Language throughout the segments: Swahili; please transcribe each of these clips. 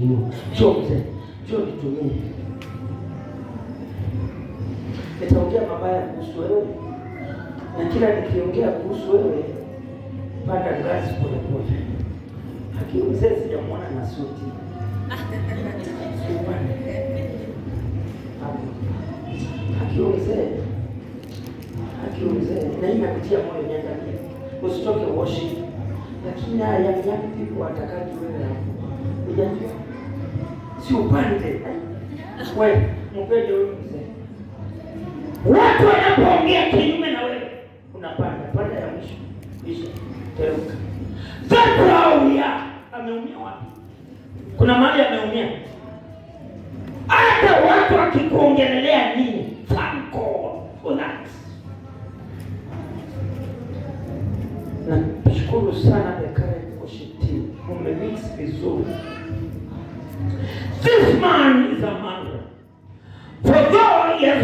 Njoo njoo nitumie. Nitaongea mabaya kuhusu wewe, na kila nikiongea kuhusu wewe panda ngazi pole Lakini mzee, sijamwona na suti akiwa mzee, akiwa mzee, na hii nakutia moyo miaka usitoke Moshi, lakini haya young people watakaji wewe hapo, hujajua si upande wewe mkweli huyu mzee. Watu wanapoongea kinyume na wewe unapanda panda ya mwisho kisha teruka. Zakaria ameumia wapi? Kuna mahali ameumia. Hata watu wakikuongelea nini, tamko una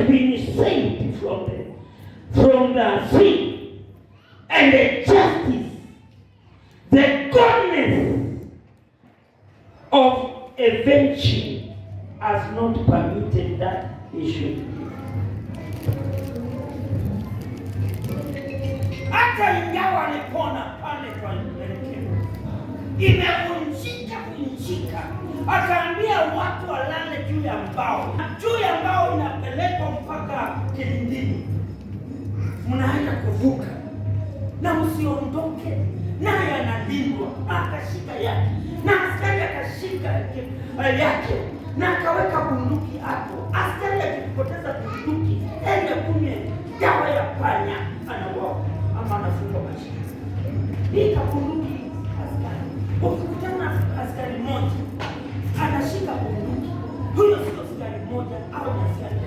Have been saved from them, from the sin and the justice, the goodness of avenging has not permitted that issue. should be. Hata ingawa alipona pale kwa mwelekeo, imevunjika vunjika, akaambia watu walale juu ya mbao juu kuvuka na msiondoke, naye analindwa akashika yake na askari akashika yake na akaweka bunduki hapo. Askari akipoteza bunduki ende kume dawa ya panya, anauawa ama anafungwa mashika Ika bunduki askari, ukikutana askari moja anashika bunduki, huyo sio askari mmoja au askari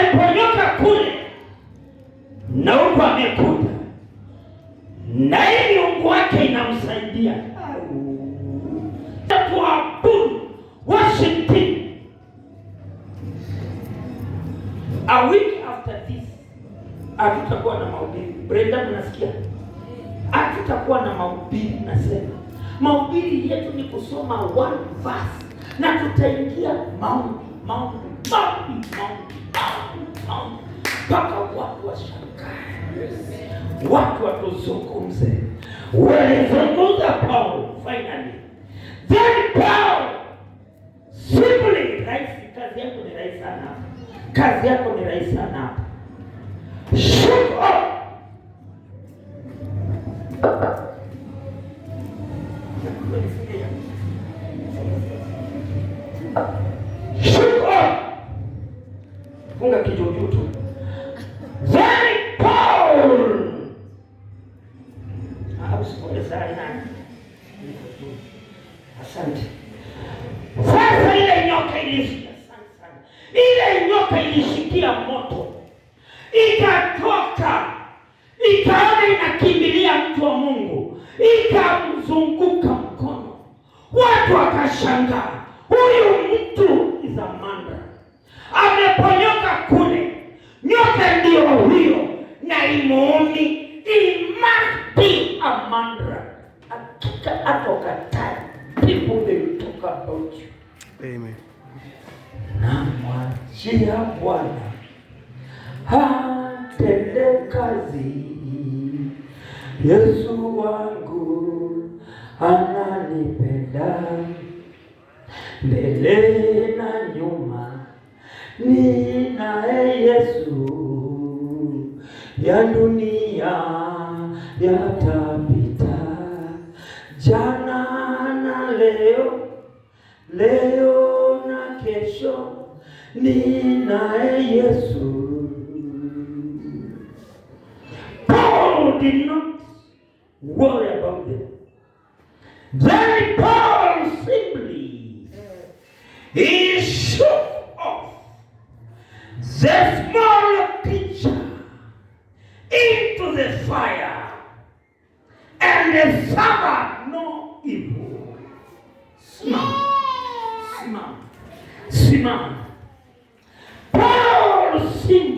ameponyoka kule na huko amekuta, na hii miungu wake inamsaidia Tuabudu worship him. A week after this hatutakuwa na mahubiri. Brenda, mnasikia? Hatutakuwa na mahubiri, nasema mahubiri yetu ni kusoma one verse na tutaingia maombi, maombi, maombi, maombi mpaka watu washangae, watu watuzungumze. Walizungumza Paulo finally, then Paulo simply, rahisi kazi yako ni rahisi sana, kazi yako ni rahisi sana watu wa Mungu, ikamzunguka mkono, watu wakashangaa, huyu mtu izamanda ameponyoka kule, nyote, ndio huyo, na imuumi imati amandra akika atokatai na mwachia Bwana hatende kazi Yesu wangu ananipenda, mbele na nyuma, ninaye Yesu, ya dunia yatapita, jana na leo, leo na kesho, ninaye Yesu Paul did worry about them. Then Paul simply he shook off the small picture into the fire and the suffered no evil. Smart, smart, smart. Paul simply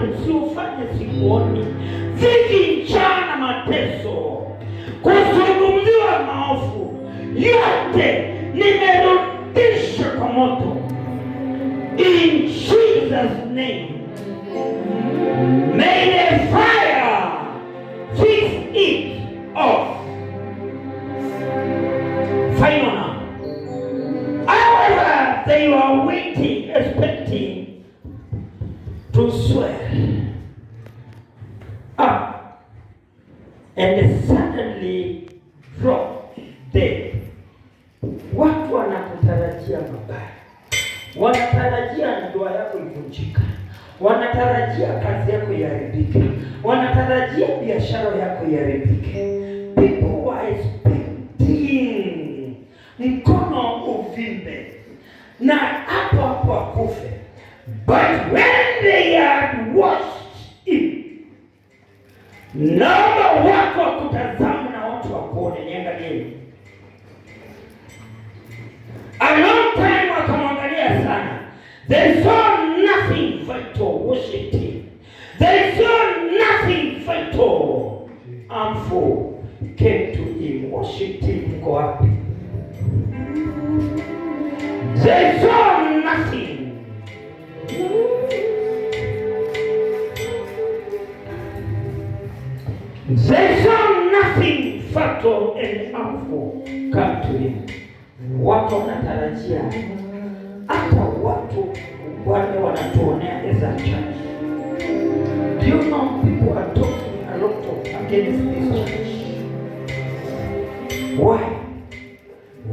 mateso ufanye sikuoni, ziki njaa na mateso, kuzungumziwa maovu yote nimerudisha kwa moto, in Jesus name. and suddenly from death. Watu wanakutarajia mabaya, wanatarajia ndoa yako ivunjika, wanatarajia kazi yako iharibike, wanatarajia biashara yako iharibike. People are expecting mkono uvimbe na hapo hapo akufe, but when they are washed naomba wako wakutazama na watu wakuone. Niangalie time, akamwangalia sana. They saw nothing vital, worship him. They saw nothing vital, Amfu Came to him, worship him. Mko wapi? They saw nothing They found nothing fatal and harmful come to him. Watu wanatarajia hata watu wale wanatuonea as a church. Do you know people are talking a lot of against this church? Why?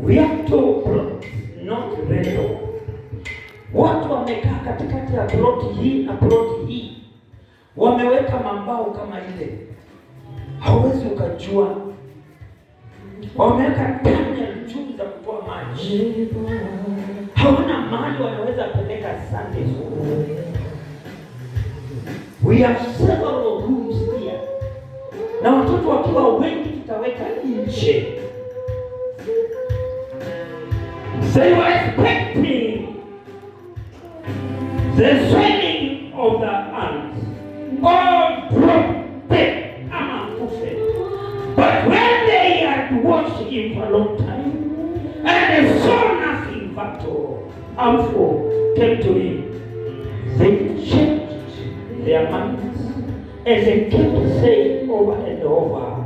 We are two plots, not random. Watu wamekaa katikati ya ploti hii na ploti hii, wameweka mambao kama ile hawezi ukajua. Wameweka tani ya uchumi za kutoa maji, hawana mali wanaweza kupeleka Sunday school. We have several rooms here, na watoto wakiwa wengi tutaweka nje. you are expecting the swelling of the came to him. They changed their minds as they kept saying over and over,